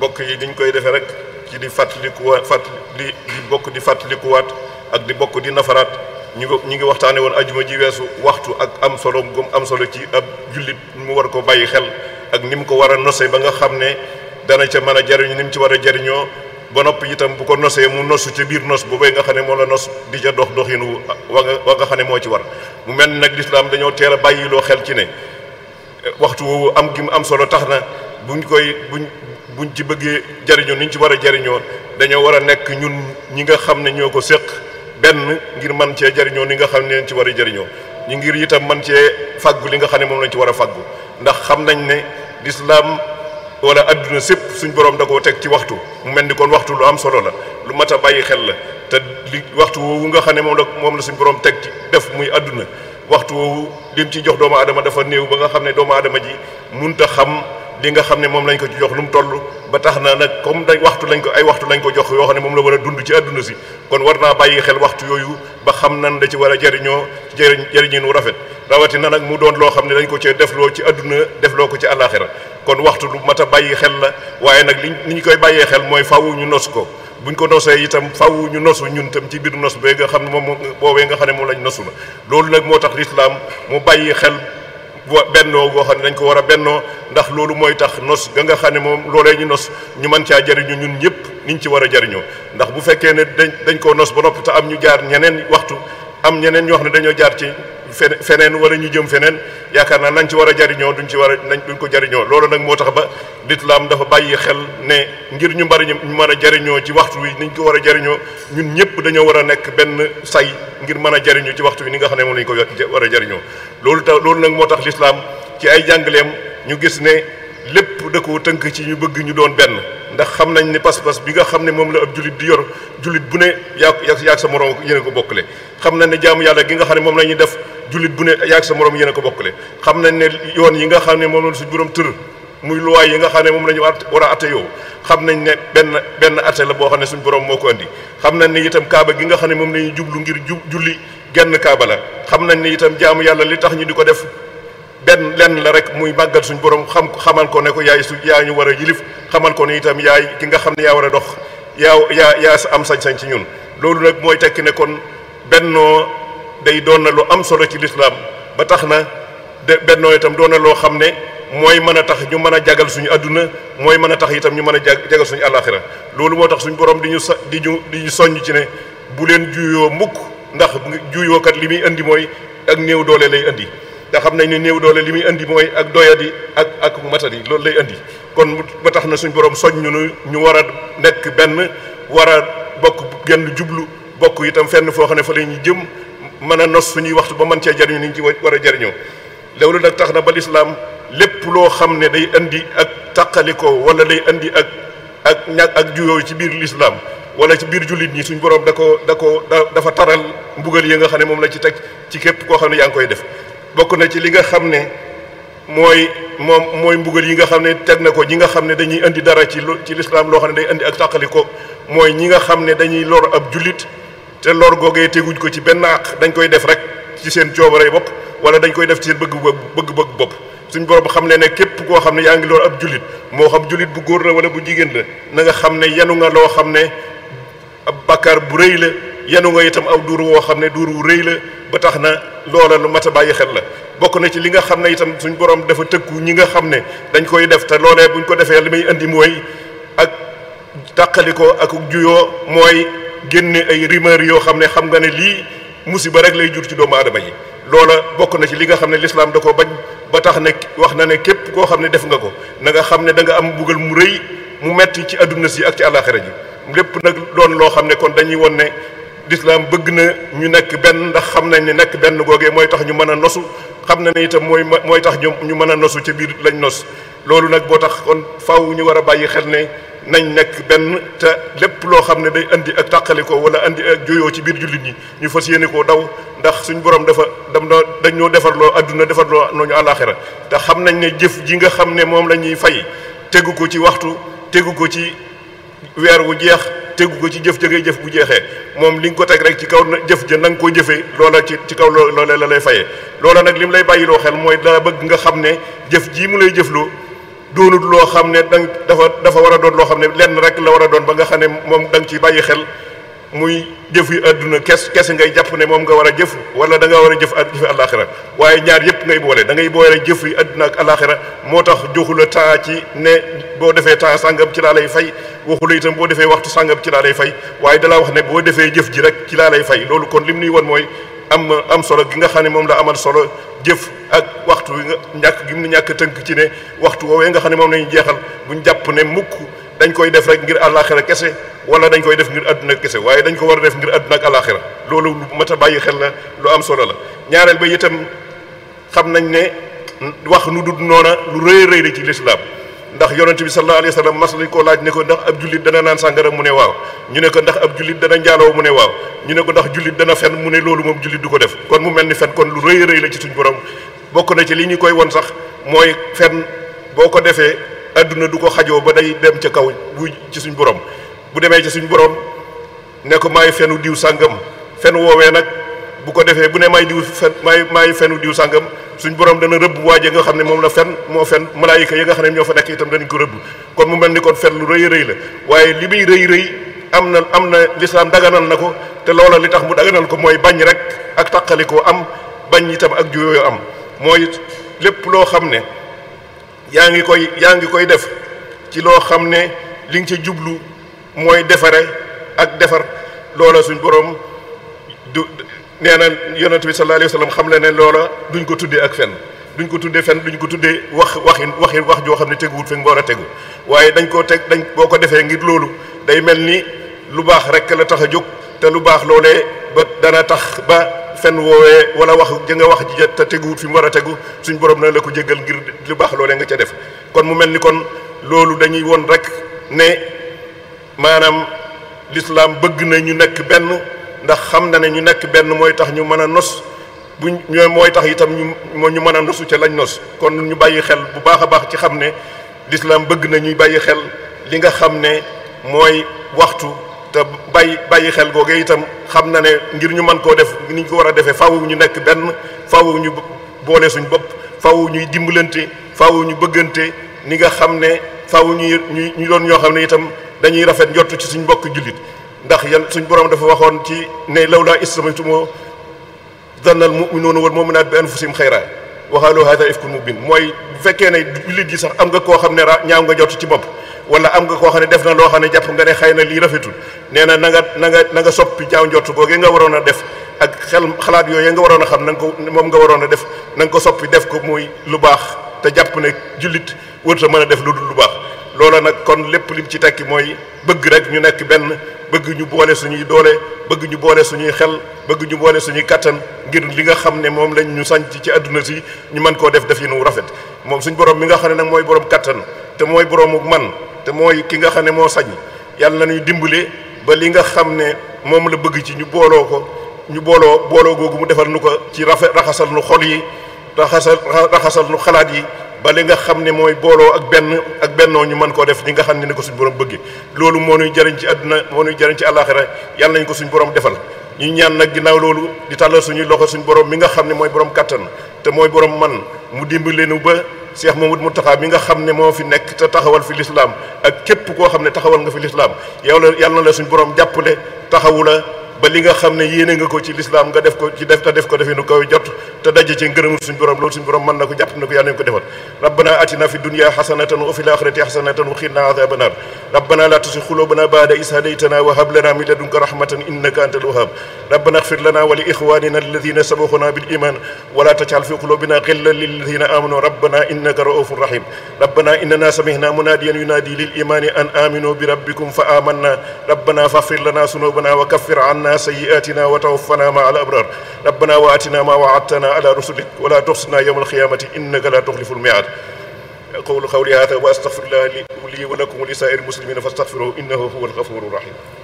bokk yi diñ koy defee rek ci di fàttalikuwaat fàttali di di bokk di fàttalikuwaat ak di bokk di nafaraat ñu ñu ngi waxtaane woon ajuma ji weesu waxtu ak am solo gum am solo ci ab jullit mu war ko bàyyi xel ak ni mu ko war a nose ba nga xam ne dana ca mën a jariñu ni mu ci war a jariñoo ba noppi itam bu ko nosee mu nosu ca biir nos boobay nga xam ne moo la nos di ca dox doxin wu wa nga wa nga xam ne moo ci war mu mel ni nag lislaam dañoo teel a bàyyiloo xel ci ne waxtu am gi am solo tax na buñ ci bëggee jariñoo ni ñu ci war a jariñoo dañoo war a nekk ñun ñi nga xam ne ñoo ko séq benn ngir man cee jariñoo ni nga xam ne ci war a jariñoo ñu ngir itam man cee fàggu li nga xam ne moom lañ ci war a fàggu ndax xam nañ ne lislaam wala adduna sépp suñ borom da koo teg ci waxtu mel ni kon waxtu lu am solo la lu mat a bàyyi xel la te li waxtu woowu nga xam ne moom la moom la suñ borom teg ci def muy àdduna waxtu woowu lim ci jox doomu adama dafa néew ba nga xam ne doomu aadama ji munta xam li nga xam ne moom lañ ko ci jox lu mu toll ba tax na nag comme dañ waxtu lañ ko ay waxtu lañ ko jox yoo xam ne moom la war a dund ci àdduna si kon war naa bàyyi xel waxtu yooyu ba xam nan la ci war a jëriñoo jëriñ jëriñinu rafet rawati na nag mu doon loo xam ne dañ ko cee defloo ci àdduna defloo ko ci àllaaxira kon waxtu lu mat a bàyyi xel la waaye nag li ni ñu koy bàyyee xel mooy faaw ñu nos ko buñ ko nosee itam faaw ñu nosu ñun tam ci biir nos bee nga xam ne moom boobee nga xam ne moom lañ nosu la loolu nag moo tax lislaam mu bàyyi xel bennoo boo xam ne dañ ko war a bennoo ndax loolu mooy tax nos ga nga xam ne moom loolee ñu nos ñu mën caa jariñu ñun ñëpp niñ ci war a jariñoo ndax bu fekkee ne dañ dañ koo nos ba noppi te am ñu jaar ñeneen waxtu am ñeneen ñoo xam ne dañoo jaar ci feneen wala ñu jëm feneen yaakaar naa nañ ci war a jariñoo duñ ci war nañ duñ ko jariñoo loolu nag moo tax ba lislaam dafa bàyyi xel ne ngir ñu mbari ñu mën a jariñoo ci waxtu wi niñ ko war a jariñoo ñun ñëpp dañoo war a nekk benn say ngir mën a jariñoo ci waxtu wi ni nga xam ne moom lañ ko war a jariñoo loolu tax loolu nag moo tax lislaam ci ay jàngaleem ñu gis ne lépp da tënk ci ñu bëgg ñu doon benn ndax xam nañ ne pas-pas bi nga xam ne moom la ab jullit di yor jullit bu ne yaa yaa sa morom yéen ko bokkale xam na ne jaamu yàlla gi nga xam ne moom la ñuy def jullit bu ne yaag sa moroom yéen a ko bokkale xam nañ ne yoon yi nga xam ne moom la suñu borom tër muy luwaay nga xam ne moom la ñu war a atte yow xam nañ ne benn benn atte la boo xam ne suñ borom moo ko andi xam nañ ne itam kaaba gi nga xam ne moom la ñuy jublu ngir ju julli genn kaaba la xam nañ ne itam jaamu yàlla li tax ñu di ko def benn lenn la rek muy màggal suñu borom xam xamal ko ne ko yaay su yaa ñu war a yilif xamal ko ne itam yaay ki nga xam ne yaa war a dox yaa yaa yaa am sañ-sañ ñun loolu nag mooy tekki ne kon bennoo day doon na lu am solo ci lislaam ba tax na de bennoo itam doon na loo xam ne mooy mën a tax ñu mën a jagal suñu àdduna mooy mën a tax itam ñu mën a jagal suñu àllaaxira loolu moo tax suñu borom di ñu so di ñu di ñu soññ ci ne bu leen juyoo mukk ndax juyoo kat li muy indi mooy ak néew doole lay indi nga xam nañ ni néew doole li muy indi mooy ak doyadi ak ak matadi loolu lay indi kon ba tax na suñu borom soññ ñu ñu war a nekk benn war a bokk genn jublu bokk itam fenn foo xam ne fa la jëm mën a nos suñuy waxtu ba mën cee jariñu ni ñu ci war a jariñoo loolu nag tax na ba lislaam lépp loo xam ne day indi ak taqalikoo wala day andi ak ak ñàkk ak juyoo ci biir lislaam wala ci biir jullit ñi suñ borom da ko da ko da taral mbugal yi nga xam ne moom la ci teg ci képp koo xam ne yaa ngi koy def bokk na ci li nga xam ne mooy moom mooy mbugal yi nga xam ne teg na ko ñi nga xam ne dañuy indi dara ci ci lislaam loo xam ne day indi ak tàqali ko mooy ñi nga xam ne dañuy lor ab jullit te lor googee teguñ ko ci benn àq dañ koy def rek ci seen coobaree bopp wala dañ koy def ci seen bëgg bëgg-bëgg bopp suñ borom xam ne ne képp koo xam ne yaa ngi lool ab jullit moo xam jullit bu góor la wala bu jigéen la na nga xam ne yanu nga loo xam ne ab bàkkaar bu rëy la yanu nga itam aw duur woo xam ne duur wu rëy la ba tax na loola lu mat a bàyyi xel la bokk na ci li nga xam ne itam suñ borom dafa tëkku ñi nga xam ne dañ koy def te loolee buñ ko defee li muy indi mooy ak tàqalikoo ak juyoo mooy génne ay rumeur yoo xam ne xam nga ne lii musiba rek lay jur ci doomu aadama yi loola bokk na ci li nga xam ne lislaam da ko bañ ba tax ne wax na ne képp koo xam ne def nga ko na nga xam ne da nga am bugal mu rëy mu metti ci àdduna si ak ci àllaaxira ji lépp nag doon loo xam ne kon dañuy won ne lislaam bëgg na ñu nekk benn ndax xam nañ ne nekk benn googee mooy tax ñu mën a nosu xam na ne itam mooy mooy tax ñu mën a nosu ca biir lañ nos loolu nag boo tax kon faw ñu war a bàyyi xel ne nañ nekk benn te lépp loo xam ne day indi ak tàqalikoo wala indi ak juyoo ci biir jullit ñi ñu fas yéene koo daw ndax suñ boroom dafa dam na dañ ñoo defarloo adduna defarloo nooñu àllaaxira te xam nañ ne jëf ji nga xam ne moom la ñuy fay tegu ko ci waxtu tegu ko ci weer wu jeex tegu ko ci jëf ja ngay jëf bu jeexee moom li ñu ko teg rek ci kaw jëf ja na koo jëfe jëfee loola ci ci kaw loolee la lay fayee loola nag lim lay bàyyiloo xel mooy daa bëgg nga xam ne jëf jii mu lay jëfloo doonut loo xam ne dang dafa dafa war a doon loo xam ne lenn rek la war a doon ba nga xam ne moom da nga ciy bàyyi xel muy jëf yu àdduna kes kese ngay jàpp ne moom nga war a jëf wala da nga war a jëf ak jëfi àllaaxira waaye ñaar yëpp ngay da ngay boole jëf yu àdduna ak àllaaxira moo tax joxu taa ci ne boo defee temps sàngam ci laa lay fay waxu la itam boo defee waxtu sàngam ci laa lay fay waaye dalaa wax ne boo defee jëf ji rek ci laa lay fay loolu kon lim nuy won mooy am am solo gi nga xam ne moom la amal solo jëf ak waxtu wi nga ñàkk gi mu ñàkk tënk ci ne waxtu woowee nga xam ne moom la ñu jeexal buñ jàpp ne mukk dañ koy def rek ngir àllaaxira kese wala dañ koy def ngir àdduna kese waaye dañ ko war a def ngir àdduna ak àllaaxira loolu lu mat a bàyyi xel la lu am solo la ñaareel ba itam xam nañ ne wax nu dul noona lu rëy rëy la ci lislaam ndax yonent bi sallallahu alayhi wa sallam mas laaj ne ko ndax ab jullit dana naan sàngara mu ne waaw ñu ne ko ndax ab jullit dana njaaloo mu ne waaw ñu ne ko ndax jullit dana fen mu ne loolu moom jullit du ko def kon mu mel ni fen kon lu rëy rëy la ci suñ borom bokk na ci li ñu koy won sax mooy fen boo ko defee àdduna du ko xajoo ba day dem ca kaw bu ci suñ borom bu demee ci suñu borom ne ko maay fenu diw sàngam fen woowee nag bu ko defee bu ne maay diw fen maay maay fenu diw sàngam suñ borom dana rëbb waaje nga xam ne moom la fen moo fen malaayika yi nga xam ne ñoo fa nekk itam danañ ko rëbb kon mu mel ni kon fen lu rëy rëy la waaye li muy rëy rëy am na am na lislaam daganal na ko te loola li tax mu daganal ko mooy bañ rek ak taqalikoo am bañ itam ak juyooyu am mooy lépp loo xam ne yaa ngi koy yaa ngi koy def ci loo xam ne li nga ca jublu mooy defare ak defar loola suñ boroom nee na yonent bi sallallahu alayhi wa sallam xam le ne loola duñ ko tuddee ak fen duñ ko tuddee fen duñ ko tuddee wax waxin waxin wax joo xam ne teguwut fi mu war a tegu waaye dañ koo teg dañ boo ko defee ngir loolu day mel ni lu baax rek la tax a jóg te lu baax loolee ba dana tax ba fen woowee wala wax ja nga wax ji te teguwut fi mu war a tegu suñ borom na la ko jéggal ngir lu baax loolee nga ca def kon mu mel ni kon loolu dañuy woon rek ne maanaam l'islam bëgg na ñu nekk benn ndax xam na ne ñu nekk benn mooy tax ñu mën a nos bu ñooy mooy tax itam ñu ñu mën a nosu ca lañ nos kon ñu bàyyi xel bu baax a baax ci xam ne lislaam bëgg na ñuy bàyyi xel li nga xam ne mooy waxtu te bàyyi bàyyi xel googee itam xam na ne ngir ñu mën koo def ni ñu ko war a defee faaw ñu nekk benn fawu ñu boole suñu bopp faaw ñuy dimbalante faaw ñu bëggante ni nga xam ne faaw ñuy ñu doon ñoo xam ne itam dañuy rafet njott ci suñu mbokk jullit ndax yan suñ borom dafa waxoon ci ne lawlaa istamaitumo zannal muminuuna mu muminaat bi anfusihim xayra waxaaloo hada ifkun mubin mooy bu fekkee ne jullit yi sax am nga koo xam ne ra ñaaw nga ci bopp wala am nga koo xam ne def na loo xam ne jàpp nga ne xëy na lii rafetul nee na na nga na nga na nga soppi jaaw njott waroon a def ak xel xalaat yooyu nga waroon a xam na nga ko moom nga waroon a def nanga ko soppi def ko muy lu baax te jàpp ne jullit sa mën a def lu dul lu baax loola nag kon lépp lim ci tekki mooy bëgg rek ñu nekk benn bëgg ñu boole suñuy doole bëgg ñu boole suñuy xel bëgg ñu boole suñuy kattan ngir li nga xam ne moom lañ ñu sanc ci àdduna si ñu mën koo def def yi nu rafet moom suñ borom mi nga xam ne nag mooy borom kattan te mooy boroomu man te mooy ki nga xam ne moo sañ yàlla nañuy dimbale ba li nga xam ne moom la bëgg ci ñu booloo ko ñu booloo booloo googu mu defal nu ko ci rafet raxasal nu xol yi raxasal raxasal nu xalaat yi ba li nga xam ne mooy booloo ak benn ak bennoo ñu mën koo def ñi nga xam ne ni ko suñu borom bëgge loolu moo nuy jëriñ ci àdduna moo nuy jëriñ ci àllaaxira yàlla nañ ko suñu borom defal ñu ñaan nag ginnaaw loolu di tàllal suñuy loxo suñu boroom mi nga xam ne mooy borom kàttan te mooy borom man mu dimbali nu ba Cheikh mu Mountakha mi nga xam ne moo fi nekk te taxawal fi lislaam ak képp koo xam ne taxawal nga fi lislaam yow la yàlla na la suñu borom jàppale taxawu la ba li nga xam ne yéene nga ko ci lislaam nga def ko ci def te def ko defi nu kaw jot te daje ci ngërëmul suñu borom loolu suñu borom mën na ko jàpp na ko yàlla nañu ko defal rabbana atina fi dunya hasanatan wa fil akhirati hasanatan wa qina adhaban nar rabbana la tuzigh qulubana ba'da idh hadaytana wa hab lana min ladunka rahmatan innaka antal wahhab rabbana ighfir lana wa li ikhwanina alladhina sabaquna bil iman wa la taj'al fi qulubina ghillan lil ladhina amanu rabbana innaka ra'ufur rahim rabbana innana sami'na munadiyan yunadi lil imani an aminu bi rabbikum fa amanna rabbana faghfir lana dhunubana wa kaffir 'anna عنا سيئاتنا وتوفنا مع الأبرار ربنا وآتنا ما وعدتنا على رسلك ولا تخزنا يوم القيامة إنك لا تخلف الميعاد أقول قولي هذا وأستغفر الله لي ولكم ولسائر المسلمين فاستغفروه إنه هو الغفور الرحيم